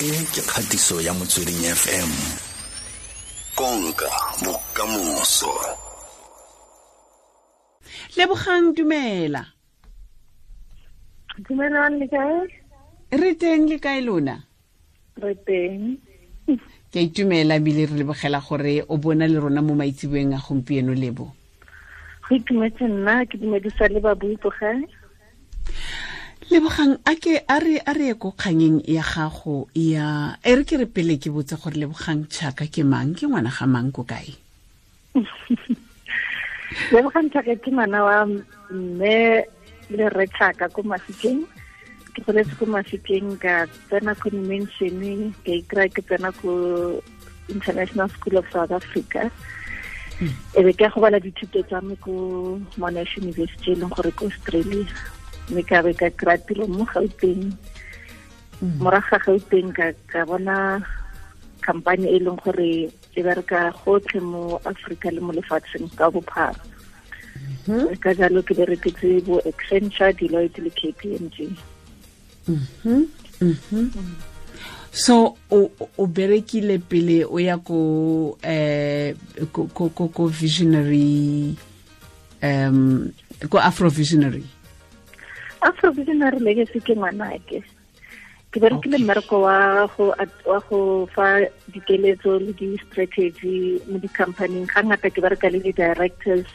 e ke kgatiso ya motsweding fm konka bokamoso lebogang dumela dumelang le re teng le kae lona re teng ke a itumela ebile re lebogela gore o bona le rona mo maitsiboeng a gompieno lebo go itumetse nna ke dumedisa le babuitlogae lebogang a ke a re a re ko kganyeng ya gago ya e re ke re pele ke botse gore lebogang tšhaka ke mang ke ngwana ga mang ko kae lebogang tšhaka ke ngwana wa mme le re tšhaka ko masikeng ke goletse ko masikeng ka tsena ko dimensione ka ikry ke tsena ko international school of south africa hmm. e be ke go bala dithuto tsa me ko monash university e leng gore ko australia mme ka be ka kry-a tiro mo gauteng morago ga gauteng ka bona company e leng gore e bereka gotlhe mo aforika le mo lefatsheng ka bophara ka jalo ke bereketse bo accenture deloit le k p m g so o, o berekile pele o ya ko, eh, ko, ko visionary um ko afro visionary a afrovisionary legacy ke ngwanake ke ke ke le mmereko wa go wa go fa dikeletso le di-strategy mo di-companing ga ngata ke bereka le di-directors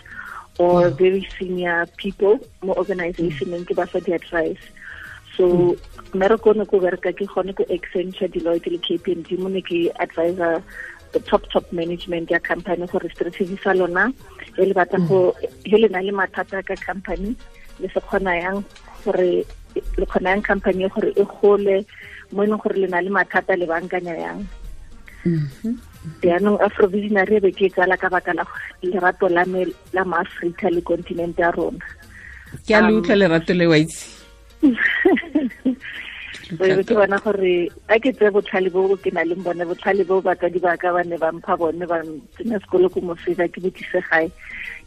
or very senior people mo organization ke ba fa di-advice so mmereko ne ko bereka ke gone ko accenture deloitte le k p mo ne ke advisor the top top management ya company gore strategy sa lona he le batla go he le na le mathata ka company mm. le se kgona yang gore le kgona yang company gore e gole mo e leng gore le na le mathata le bankanya yang mhm. jaanong afrovisionary e be ke e tsala ka baka la lerato la me la maaforika le continent ya rona ke a le um, utlwa lerato le wa itse be ke bona gore a ke tse botlhale bo ke na leng bone botlhale bo batsadi ba ka ba ne ba mpha bone ba tsenya sekolo ko mofeta ke botlise gae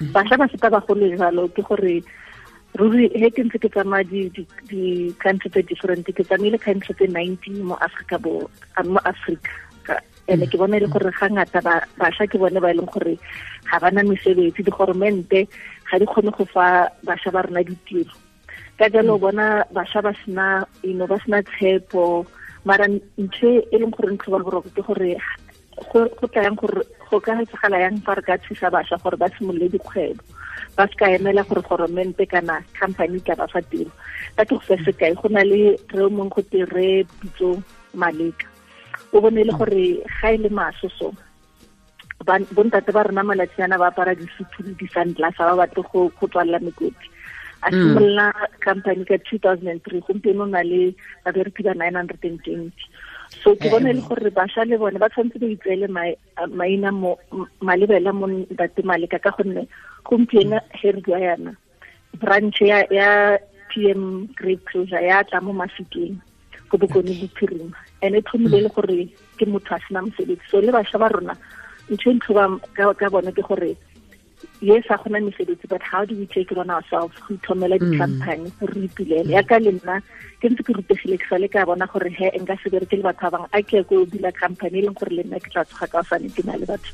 bašwa ba feta ba gole jalo ke gore ruri he ke ntse ke tsamaya di-country tse different ke tsamaile country tse nineteen mo bo mo aforika and ke bona e le mm. gore ga ngata ba bašwa ke bone ba e leng gore ga ba na mesebetsi digoromente ga di kgone go fa bašwa ba rena ditiro ka jalo mm. bona bašwa ba sena ino ba sena tshepo mara ntho e leng gore ntlo ba boroko ke gore go tla yang gore go ka etsagala yang fa re ka ba sa gore ba simolole dikgwebo ba ska emela gore gore mente kana company ka ba fa tiro ka ke go se sekai go na le re mo go te re pitso maleka o bone le gore ga e le masoso bontate ba rona malatsiana ba apara disutu le di sa ba batle go tswalela mekoti a simolola company ka 2003 go and three gompieno na le ba re hundred 920 so ke eh. bona e le gore bašwa le bone ba tshwanetse ba itseele maina malebela mo ntate maleka ka gonne gompieno ge re bua yana branch ya p m grade closure ya tla mo mafikeng go bokone bophirima and e thomile e le mm. gore ke motho a sena mosebetsi so le bašwa ba rona ntho e ntlhoba ka bone ke gore yes a khona mi sebetse but how do we take it on ourselves go tomela di campaign re bilele ya ka lena ke ntse ke rutse le tsale ka bona gore he nka se bereke le batho ba bang a ke go bila campaign le gore lena ke tla tsoga ka fa ne dina le batho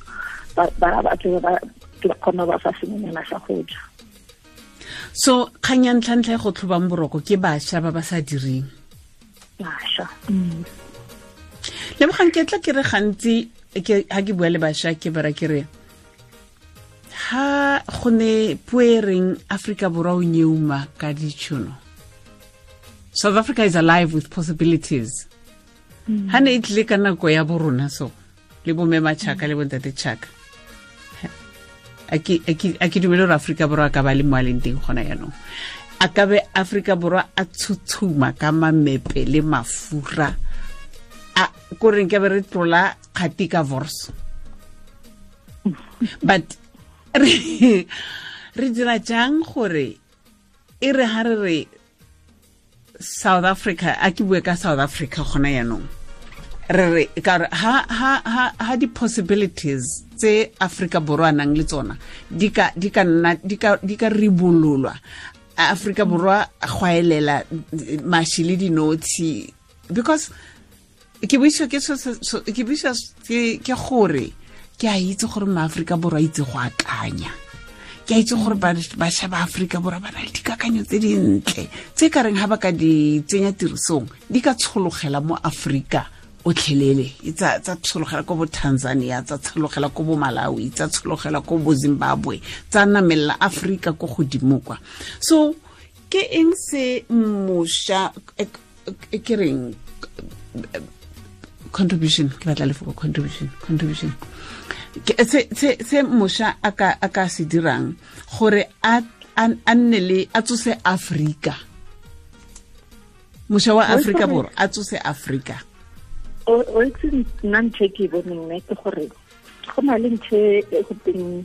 ba ba ba ke ba ke ba khona ba fa sengwe nna sa go ja so khang ya ntlantla go tlhoba mboroko ke ba sha ba ba sa direng ba sha le mo khang ke tla ke re gantsi ke ha ke bua le ba sha ke bara ke re ha go ne puereng Africa borwa o nyeuma ka ditšhono south africa is alive with possibilities mm. ha ne e tlile ka nako ya borona so le bomematšhaka mm. le bontatetšhaka a ke dumele gore aforika borwa a ka ba le mo a leng teng gona yaanong a ka be aforika borwa a tshutshuma ka mamepe le mafura a koreng ke be re tlola kgati ka vors mm. but re dira jang gore e re ha re re south africa a ke bue ka south africa gona yaanong re re kare ha, ha, ha, ha di-possibilities tse aforika borwa nang le tsona di ka, di ka, nna, di ka, di ka ribololwa aforika borwa gwaelela mashi le dinotshe because ke buisa ke gore ke a itse gore maaforika borwa itse go akanya ke a itse gore bašwa ba aforika borwa ba na le dikakanyo tse dintle tse ka reng ga ba ka di tsenya tirisong di ka tshologela mo aforika otlhelele e tsa tshologela ko bo tanzania tsa tshologela ko bo malawi tsa tshologela ko bo zimbabwe tsa namelela aforika ko godimo kwa so ke eng se mošwa e, e, ke reng contribution ke batla lefoko contribution contribution se se se mosha aka aka se dirang gore a nne le a tsose Africa mosha wa Africa bor a tsose Africa o o itse nna ntse ke e boneng ne ke gore go na le ntse e go teng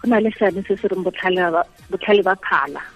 go na le seane se se reng botlhale ba khala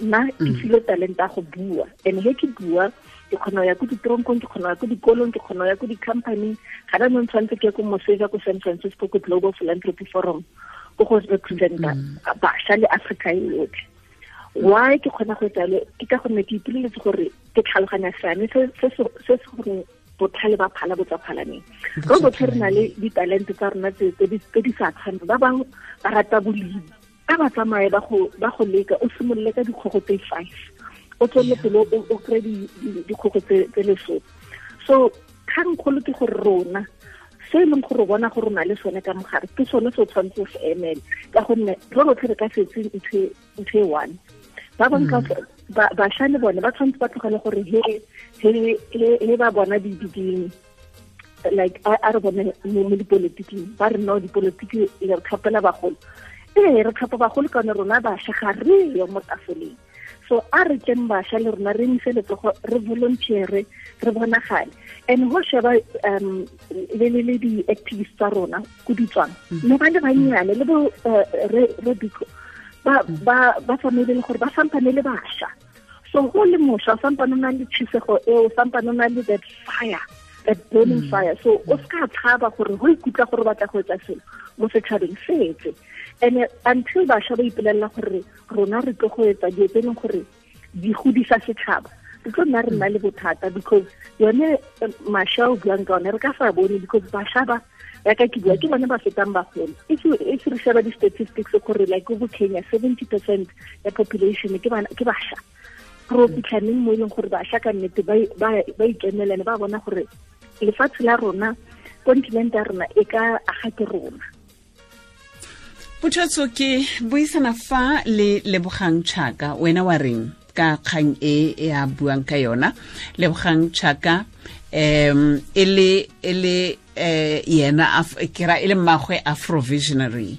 nna ke tlile mm. a go bua and he ke bua ke kgona ya ko ditoronkong ke kgona ya ko dikolong ke kgona ya ko di-company ga na nong tshwanetse ke ko moseja ko san francisco ko global philanthropy forum ko go representa mm. bašwa le africa e yotlhe why ke kgona go etsalo ke ka gonne ke ipoleletse gore ke tlhaloganya seane se se gore botlhale ba phala bo tsa phalaneng re botlhe re na le ditalente tsa rona tse di sa tshwane ba bangwe ba rata bolemi ka ba tsamaye ba go leka o simolole ka dikgogo tse five o tswelele pele o kry-e dikgogo tse lesome so kgangkgolo ke gore rona se e leng gore bona gore o na le sone ka mogare ke sone se o tshwanetse o se emele ka gonne re rotlhe re ka fetse e, ntho e one ba mm. ba bašwa le bone ba tshwanetse ba tlogele gore he ba bona dibiding like a re bone mo dipolotiking, ba re no dipolotiki kgapela e bagolo ee re tlhopha bagolo ka rona bašwa ga reyo mo tafoleng so a re keng bašwa le rona re nise letsogo re volunteere re bonagale and go sheba um le le di-activist tsa rona ko ditswang le mm. ba le bannyane le bo mm. uh, re ba mm. tsamaile le gore ba sampane le bašwa so go le mošwa o sampane o na le tšhisego eo o sampane o na le that fire that burning fire so o seka ka tshaba gore go ikutlwa gore batla go etsa selo mo setšhabeng setse and uh, until bašwa ba ipolelela gore rona re tlo go etsa dilo tse leng gore di godisa setšhaba re tlo nna re nna le bothata because yone mašwa o buang ka one re ka sa bone because bašwa ba yaka ke bua ke bone ba fetang bagolo if re sheba di-statistics gore like bo kenya seventy percent ya population ke bašwa gore fitlhaneng mo e leng gore bašwa ka nnete ba ikemelane ba bona gore lefatshe la rona continent ya rona e ka aga ke rona botshatso ke buisana fa le lebogang tšhaka wena wa reng ka kgang e, e a buang ka yona lebogang tšhaka um e le e le eh yena e kira e le mmagwe afrovisionary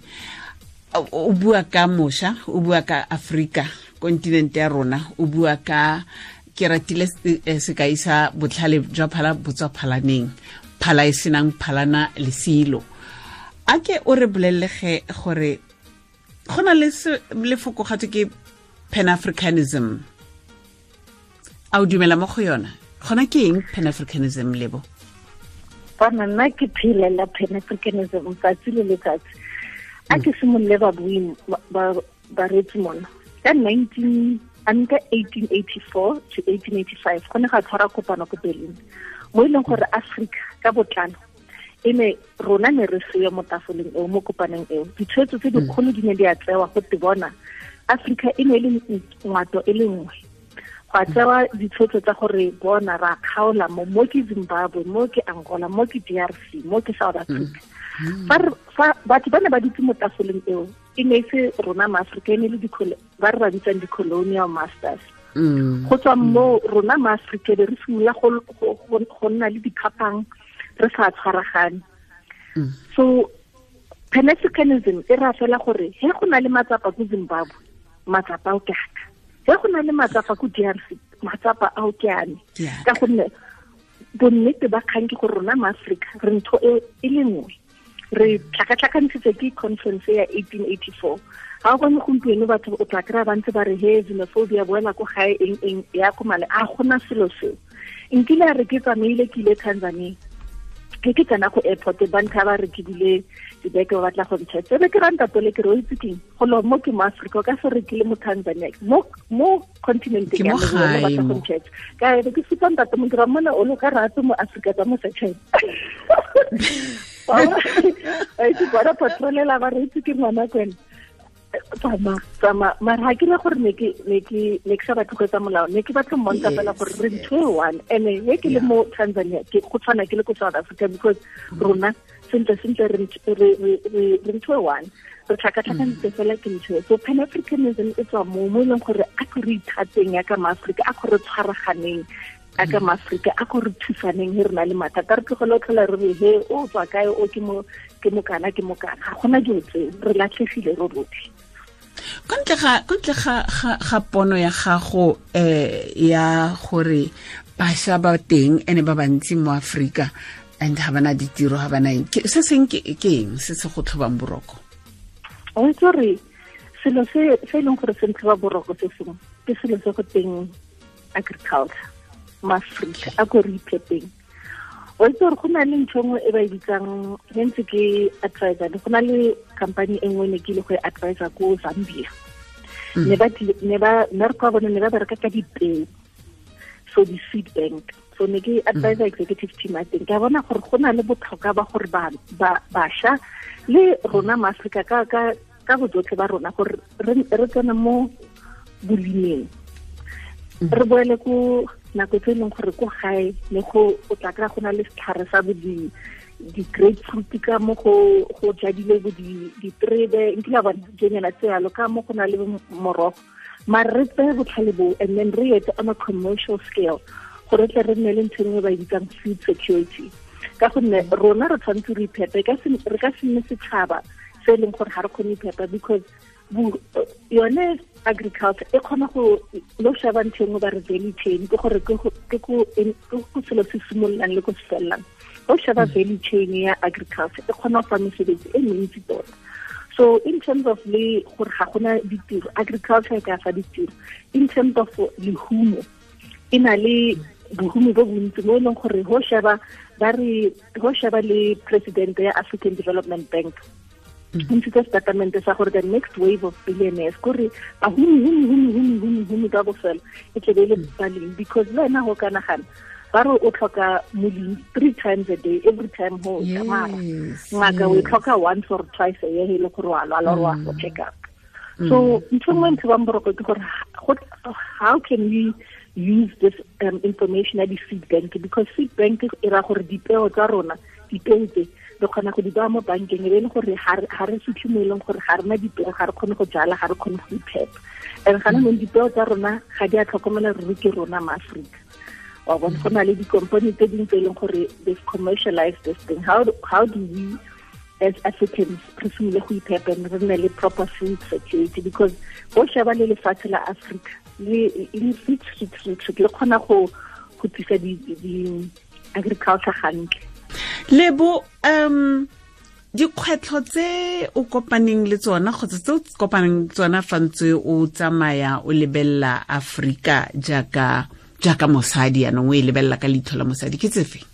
o bua ka mosha o bua ka africa continente ya rona o bua ka ke ratile eh, sekai sa botlhale jwa phala botswa phalaneng phala e senang phalana lesilo silo a ke o re bolelege gore go na le ke panafricanism a o dumela mo go yona gona ke eng pan-africanism lebo bona nna ke phelela panafricanism africanism tsatsi le letsatsi a ke simolole babui baretsi mona ka nineteen anka eighteen eighty four to eighteen eighty go ne ga tshwara kopano ko berlin mo e leng gore africa ka botlalo e ne rona ne re seyo mo tafoleng eo mo kopaneng eo ditshwetso tse dikgolo di ne di a tsewa go te bona aforika e ne e le ngwato e le nngwe go a tsewa ditshwetso tsa gore bona ra kgaola mo mo ke zimbabwe mo ke angola mo ke d r c mo ke south africa mm-hmm. fa batho ba ne ba ditse mo tafoleng eo e ne e se rona maaforika e ne e le ba re ba bitsang di-colonial masters go mm. tswa mo rona aforika be re simolola go nna le diphapang re sa tshwaragane mm. so panafricanism e ra fela gore he go na le matsapa ko zimbabwe matsapa ao ke aka he go na le matsapa ko drc matsapa ao ke ane ka gonne bonnete ba kgang ke gore rona maaforika re ntho e, e le nngwe re tlhakatlhakantshitse ke conference ya 1884 ga o bone gompieno batho o tla kry-a bantse ba re he xenophobia boela ko gae eng eng ya komale a gona selo seo nkile a re ke tsamaile ke ile tanzania ke ke tsena go airport ba ntha ba re ke dile dibeke ba batla go ntsha tsebe ke ranta tole ke re o itse keng go lo mo ke mo Africa ka se re ke le mo Tanzania mo mo continent ke mo ba batla go ntsha ka e re ke se tsanta mo ke ramana o lo ka rata mo Africa tsa mo secheng ba itse ba patrolela ba re itse ke mama kwena tsama tsama mara ha kira gore ne ke ne ke ne ke sa ba go molao ne ke batla mmontsha fela gore re ntho e one Ene ye ke le mo Tanzania ke go tshwana ke le ko South Africa because mm. rona sentle sentle re re re ntho e one re tlhakatlhakantse mm. fela ke ntho e. so pan africanism e tswa mo mo e leng gore a ke re ithateng ya ka Africa a gore tshwaraganeng mm. a ka Africa a gore thusaneng he re na le mathata re tlogele tlhola re re he o tswa kae o ke mo ke mokana ke mokana ga gona dilo tse re latlhegile ro rotlhe ko ntle ga pono ya gago um ya gore bašwa ba teng ene ba bantsi mo aforika and ha bana ditiro ga bana eng se seng ke eng se se go tlhobang boroko o itse re selo se e leng gore se ntlhoba boroko se sengwe ke selo se go teng agriculture ma Afrika a ko re iphepeng wa itse gore go na le ntho nngwe e ba e bitsang ne ntse ke advisor ne go na le company e nngwe ne ke ile go e advisor ko zambia mm. ne ba ne re kwa bone ne ba bereka ka dipeo so di-seed bank so ne ke mm. advisor executive team a teng ka bona gore go na le botlhokwa ba gore bašwa le rona maaforika ka bojotlhe ba rona gore re tsena mo bolimeng mm. re boele ko nako tse e leng gore ko gae le go o tla kry go na le setlhare sa bo di-great fruit ka mo go go jadile bo diterebe e nkile bona jenyana tse yalo ka mo go na le morogo mare re tseye botlhale boo and then re etse on a commercial scale gore tle re nne le ntho e engwe ba e bitsang food security ka gonne rona re tshwanetse re iphepe re ka se nne setšhaba se e leng gore ga re kgone iphepa because yone agriculture e kgona go lo shaba ntseng ba re deli chain go gore ke go ke go go tsela se simolang le go tsela o shaba deli chain ya agriculture e kgona go tsamisa le e ntse tota so in terms of le gore ga gona ditiro agriculture ka fa ditiro in terms of le humo ina le bohumo bo bontsi mo e leng gore ho shaba ba re ho shaba le president ya African Development Bank ntshitse mhm. statement sa gore the next wave of billionaires kore ba humi humi humi humi humi humi ka bofelo e tlebe le mhm. baleng because le wena go ka nagana ba re o tlhoka molemi three times a day every time go tsamaya ngaka o e tlhoka once or twice a year e le gore wa lwala or wa go check up so mm. ntho nngwe ntho bang boroko ke gore how can we use this um, information at the seed bank because seed bank e ra gore dipeo tsa rona dipeo tse re kgona go di baya mo bankeng re be e gore ga re fitlhe mo e leng gore ga rena dipeo ga re kgone go jala ga re kgone go iphepa and gana nong dipeo tsa rona ga di a tlhokomela ruri ke rona ma Africa wa bone go na le di-company tse dingwe tse e leng gore they commercialized this thing how, how do we as africans re simole go iphepa and re nna le proper food security because go sheba le lefatshe la africa le le kgona go go tlisa di-agriculture gantle lebo um dikgwetlho tse o kopaneng le tsona kgotsa tse o kopaneng le tsona fa ntse o tsamaya o lebelela aforika jaaka jaaka mosadi yanong o e lebelela ka leitlho la mosadi ke tsefeng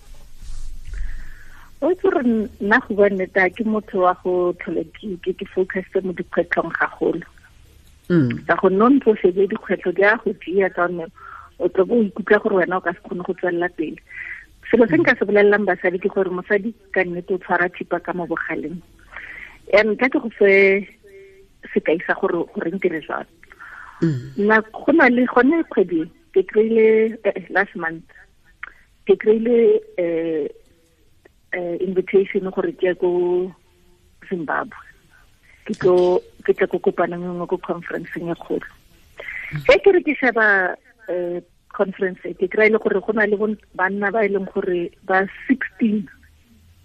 o itse gore nna go bua nneta ke motho wa go tlhole ke ke focus mo dikgwetlhong gagolo mm. ka gonne o ntse o shebe dikgwetlho di a go dia ka gonne o tlo bo o ikutlwa gore wena o ka se kgone go tswelela pele selo se nka se bolelelang basadi ke gore mosadi ka nnete o tshwara thipa ka mo bogaleng um ka ke go fe sekai sa gore goreng dire jalo nna mm. go na le gone kgwedi ke kry-ile eh, eh, last month ke kry-ile um invitation gore ke ya ko zimbabwe ke tlo ke tla go kopana nngwe ko conferenceng ya kgolo e ke re ke sheba um conference ke kry le gore go na le banna ba e leng gore ba 16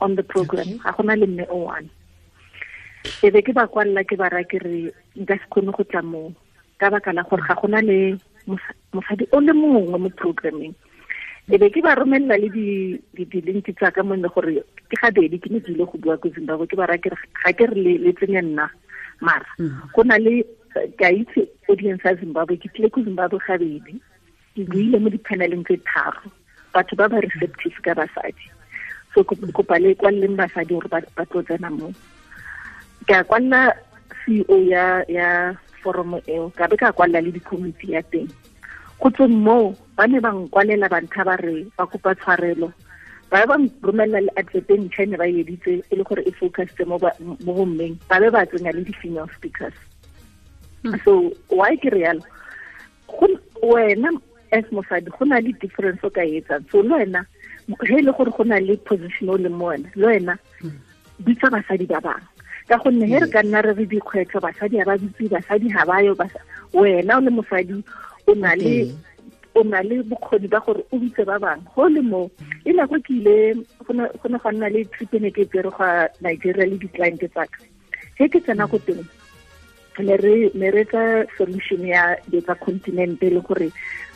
on the program ga gona le mme o one e be ke ba kwalla ke bara ke nka se kgone go tla moo ka baka la gore ga gona le mosadi o le mongwe mo programming e be ke ba romelela le di-link tsa ka gore ke gabedi ke ne ke ile go bua ko zimbabwe ke bara kere ga ke re le tsenye nna mara mm. go na le ke a itse audience ya zimbabwe ke tlile ko zimbabwe gabedi ke buile mo di tse tharo batho ba ba receptive ka basadi so kopa le kwalleng basadi gore ba tlo tsena mo ke a kwalla ceo ya ya foromo eo ka be ka kwalla le dikomiti ya teng go tsweng moo ba ne ba nkwalela bantha ba re ba kopa tshwarelo ba ba romelela le adverte ntlha e ne ba e editse e le gore e focusitse mo bommeng ba be ba tsenya le di-female speakers hmm. so why ke realo wena as mosadi go na le difference o ka etsang so le wena he e le gore go na le position o leng mo wena le wena bitsa basadi ba bangwe ka gonne he re ka nna re re dikgwetlho basadi ga ba bitse basadi ga bayo wena o le mosadi o na le o na le bokgoni ba gore o bitse ba bangwe go le mo e nako ke ile go ne ga nna le tripene ke tsere gwa nigeria le di-client tsaka he ke tsena ko teng ne re tsa solution ya tsa continente le gore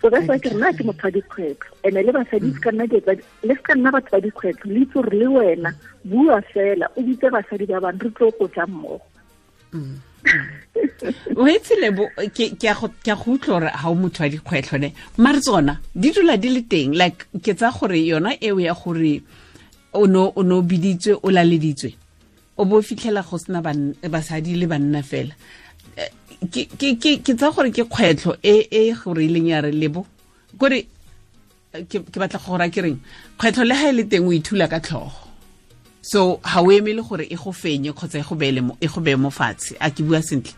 so that's why ke rena ke motho wa dikgwetlho and-e le basadi se ka nna ke le se ka nna batho ba dikgwetlho le itse gore le wena bua fela o bitse basadi ba bangwe re tlo go ja mmogo o etse lebo ke a go utlwa gore ga o motho wa dikgwetlho ne mare tsona di dula di le teng like ke tsa gore yona eo ya gore o no o biditswe o laleditswe o bo fitlhela go sena basadi le banna fela ke tsa gore ke kgwetlho e, e gore e leng ya re lebo kore eh, ke batla go gora ke reng kgwetlho le ga e le teng o ithula ka tlhogo so ga o emele gore e go fenye kgotsa e go bee e mo fatshe a ke bua sentle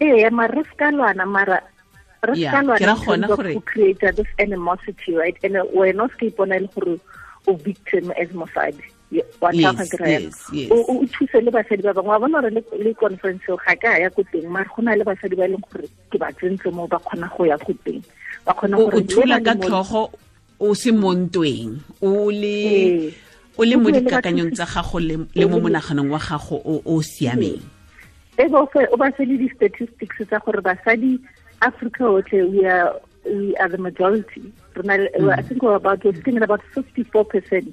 ee mare re se ka lwana mara re se ka lwana create this animosity right and uh, wena o se ka ipona e le gore o victim as mosadi wa o thuse le basadi ba bangwe wa bona gore le conference ga ka ya ko teng mare go na le basadi ba e leng gore ke ba tsentse mo ba kgona go ya ko teng ba kgona gore thula ka tlhogo o se montweng ee. o le o le mo dikakanyong tsa gago le ee. mo monaganong wa gago o siameng ee. e ba o ba se le di-statistics tsa gore basadi Africa otlhe we are we are the majority mm. i think we're about we're about 54 percent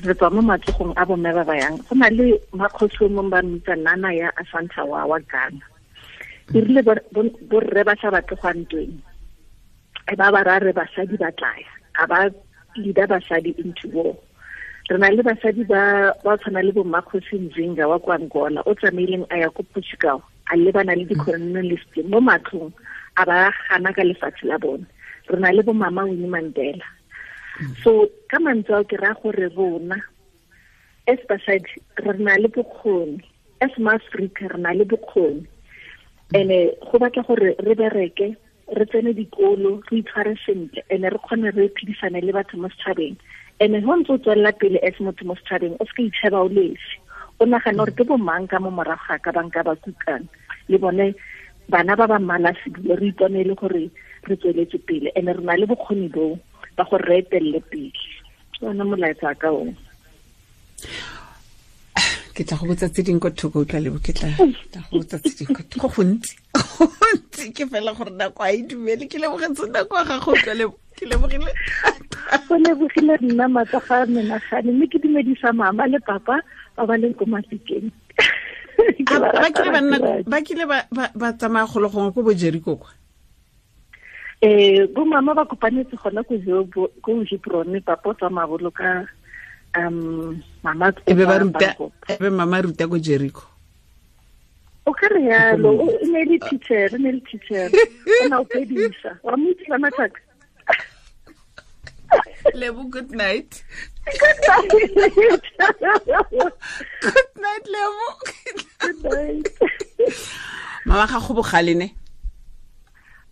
re tswa mo matlhogong a bomme ba ba yang go na le makgosi o mongwe ba mmitsa nana ya asantha wa wa gana e rile borre ba sa batlegwang tweng e ba ba rare basadi ba tlaya a ba leader basadi into war re na le basadi ba tshwana le bommakgosi mzinga wa kwa angola o tsamaileng a ya ko portugal a lebana le di-colonialist mo matlong a ba gana ka lefatshe la bone re na le bomama winnie mandela so ka mantswe ao ke raya gore rona as basadi re na le bokgoni as maaforika re na le bokgoni and-e go batla gore re bereke re tsene dikolo re itshware sentle and-e re kgone re phedisane le batho mo setšhabeng and-e go ntse o tswelela pele as motho mo setšhabeng o seke itšheba o lesi o nagana gore ke bomang ka mo morago ga ka banka ba kukang le bone bana ba ba mmalafedile re ipone e le gore re tsweletse pele and-e re na le bokgoni boo ba gore re pele tsone molaetsa ka one ke tla go botsa tse dingwe ko thoko utlwa lebo ke tla go botsa tse dingwe ko thoko go ntsi ke fela gore nako a e dumele ke lebogetse nako ya gago utlwa lebo ke lebogile go lebogile nna matsa a menagane mme ke dumedisa mama le papa ba ba leng ko mafikeng ba kile ba tsamaya go gongwe ko bojerikokwa eh bo mama ba kopanetse gona ko ko Hebron ba potsa mabolo ka um mama ebe ba ruta ebe mama ruta ko Jericho o ka re yalo o ne le teacher ne le teacher ona o pedisa wa mutsi wa mataka lebo good night good night good night good night mama ga go bogale